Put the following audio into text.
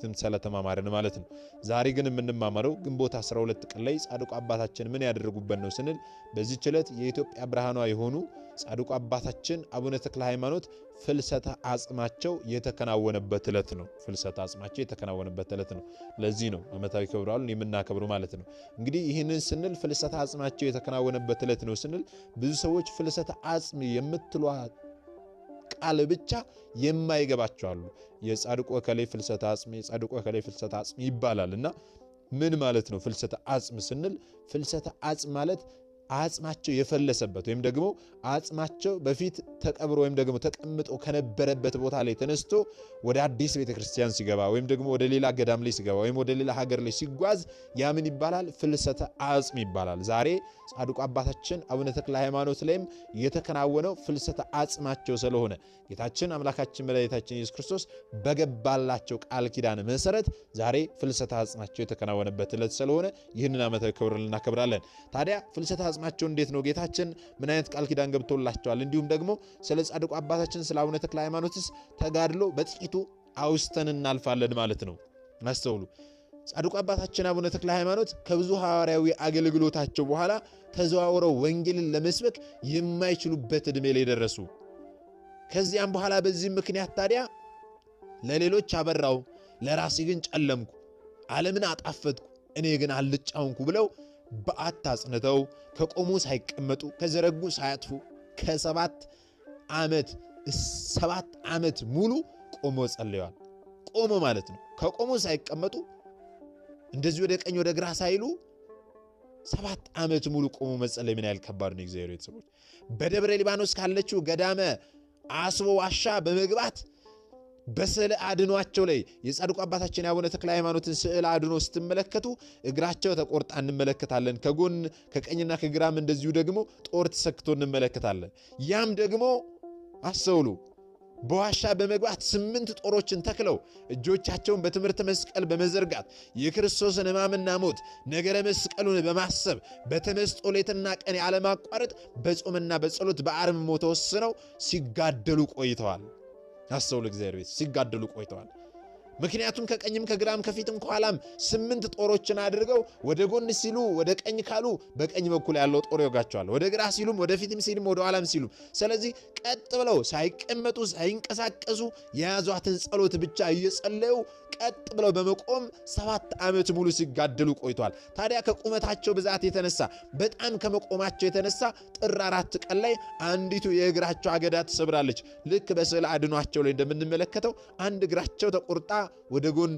በፊትም ስለተማማርን ማለት ነው። ዛሬ ግን የምንማማረው ግንቦት 12 ቀን ላይ ጻድቁ አባታችን ምን ያደረጉበት ነው ስንል በዚህች ዕለት የኢትዮጵያ ብርሃኗ የሆኑ ጻድቁ አባታችን አቡነ ተክለ ሃይማኖት ፍልሰተ አጽማቸው የተከናወነበት ዕለት ነው። ፍልሰተ አጽማቸው የተከናወነበት ዕለት ነው። ለዚህ ነው ዓመታዊ ክብረ በዓሉን የምናከብሩ ማለት ነው። እንግዲህ ይህንን ስንል ፍልሰተ አጽማቸው የተከናወነበት ዕለት ነው ስንል ብዙ ሰዎች ፍልሰተ አጽም የምትሏ ቃል ብቻ የማይገባቸው አሉ። የጻድቁ ወከሌ ፍልሰተ አጽም፣ የጻድቁ ወከሌ ፍልሰተ አጽም ይባላል እና ምን ማለት ነው? ፍልሰተ አጽም ስንል ፍልሰተ አጽም ማለት አጽማቸው የፈለሰበት ወይም ደግሞ አጽማቸው በፊት ተቀብሮ ወይም ደግሞ ተቀምጦ ከነበረበት ቦታ ላይ ተነስቶ ወደ አዲስ ቤተ ክርስቲያን ሲገባ ወይም ደግሞ ወደ ሌላ ገዳም ላይ ሲገባ ወይም ወደ ሌላ ሀገር ላይ ሲጓዝ ያ ምን ይባላል? ፍልሰተ አጽም ይባላል። ዛሬ ጻድቁ አባታችን አቡነ ተክለ ሃይማኖት ላይም የተከናወነው ፍልሰተ አጽማቸው ስለሆነ ጌታችን አምላካችን መድኃኒታችን ኢየሱስ ክርስቶስ በገባላቸው ቃል ኪዳን መሰረት ዛሬ ፍልሰተ አጽማቸው የተከናወነበት ዕለት ስለሆነ ይህንን ዓመታዊ ክብር እናከብራለን። ታዲያ ፍልሰተ አፈጻጸማቸው እንዴት ነው? ጌታችን ምን አይነት ቃል ኪዳን ገብቶላቸዋል? እንዲሁም ደግሞ ስለ ጻድቁ አባታችን ስለ አቡነ ተክለ ሃይማኖትስ ተጋድሎ በጥቂቱ አውስተን እናልፋለን ማለት ነው። አስተውሉ። ጻድቁ አባታችን አቡነ ተክለ ሃይማኖት ከብዙ ሐዋርያዊ አገልግሎታቸው በኋላ ተዘዋውረው ወንጌልን ለመስበክ የማይችሉበት ዕድሜ ላይ ደረሱ። ከዚያም በኋላ በዚህ ምክንያት ታዲያ ለሌሎች አበራው፣ ለራሴ ግን ጨለምኩ፣ ዓለምን አጣፈጥኩ፣ እኔ ግን አልጫውንኩ ብለው በዓት አጽንተው ከቆሙ ሳይቀመጡ ከዘረጉ ሳያጥፉ ከሰባት ዓመት ሰባት ዓመት ሙሉ ቆሞ ጸልየዋል። ቆሞ ማለት ነው ከቆሙ ሳይቀመጡ እንደዚህ ወደ ቀኝ ወደ ግራ ሳይሉ ሰባት ዓመት ሙሉ ቆሞ መጸለይ ምን ያህል ከባድ ነው! እግዚአብሔር ቤተሰቦች በደብረ ሊባኖስ ካለችው ገዳመ አስቦ ዋሻ በመግባት በስዕል አድኗቸው ላይ የጻድቁ አባታችን የአቡነ ተክለ ሃይማኖትን ስዕል አድኖ ስትመለከቱ እግራቸው ተቆርጣ እንመለከታለን። ከጎን ከቀኝና ከግራም እንደዚሁ ደግሞ ጦር ተሰክቶ እንመለከታለን። ያም ደግሞ አስተውሉ። በዋሻ በመግባት ስምንት ጦሮችን ተክለው እጆቻቸውን በትምህርተ መስቀል በመዘርጋት የክርስቶስን ሕማምና ሞት ነገረ መስቀሉን በማሰብ በተመስጦ ሌትና ቀን ያለማቋረጥ በጾምና በጸሎት በአርምሞ ተወስነው ሲጋደሉ ቆይተዋል። ያሰው እግዚአብሔር ቤት ሲጋደሉ ቆይተዋል። ምክንያቱም ከቀኝም ከግራም ከፊትም ከኋላም ስምንት ጦሮችን አድርገው ወደ ጎን ሲሉ ወደ ቀኝ ካሉ በቀኝ በኩል ያለው ጦር ይወጋቸዋል። ወደ ግራ ሲሉም ወደፊትም ሲሉም ወደ ኋላም ሲሉም። ስለዚህ ቀጥ ብለው ሳይቀመጡ ሳይንቀሳቀሱ የያዟትን ጸሎት ብቻ እየጸለዩ ቀጥ ብለው በመቆም ሰባት ዓመት ሙሉ ሲጋደሉ ቆይቷል። ታዲያ ከቁመታቸው ብዛት የተነሳ በጣም ከመቆማቸው የተነሳ ጥር አራት ቀን ላይ አንዲቱ የእግራቸው አገዳ ተሰብራለች። ልክ በስዕል አድኗቸው ላይ እንደምንመለከተው አንድ እግራቸው ተቆርጣ ወደ ጎን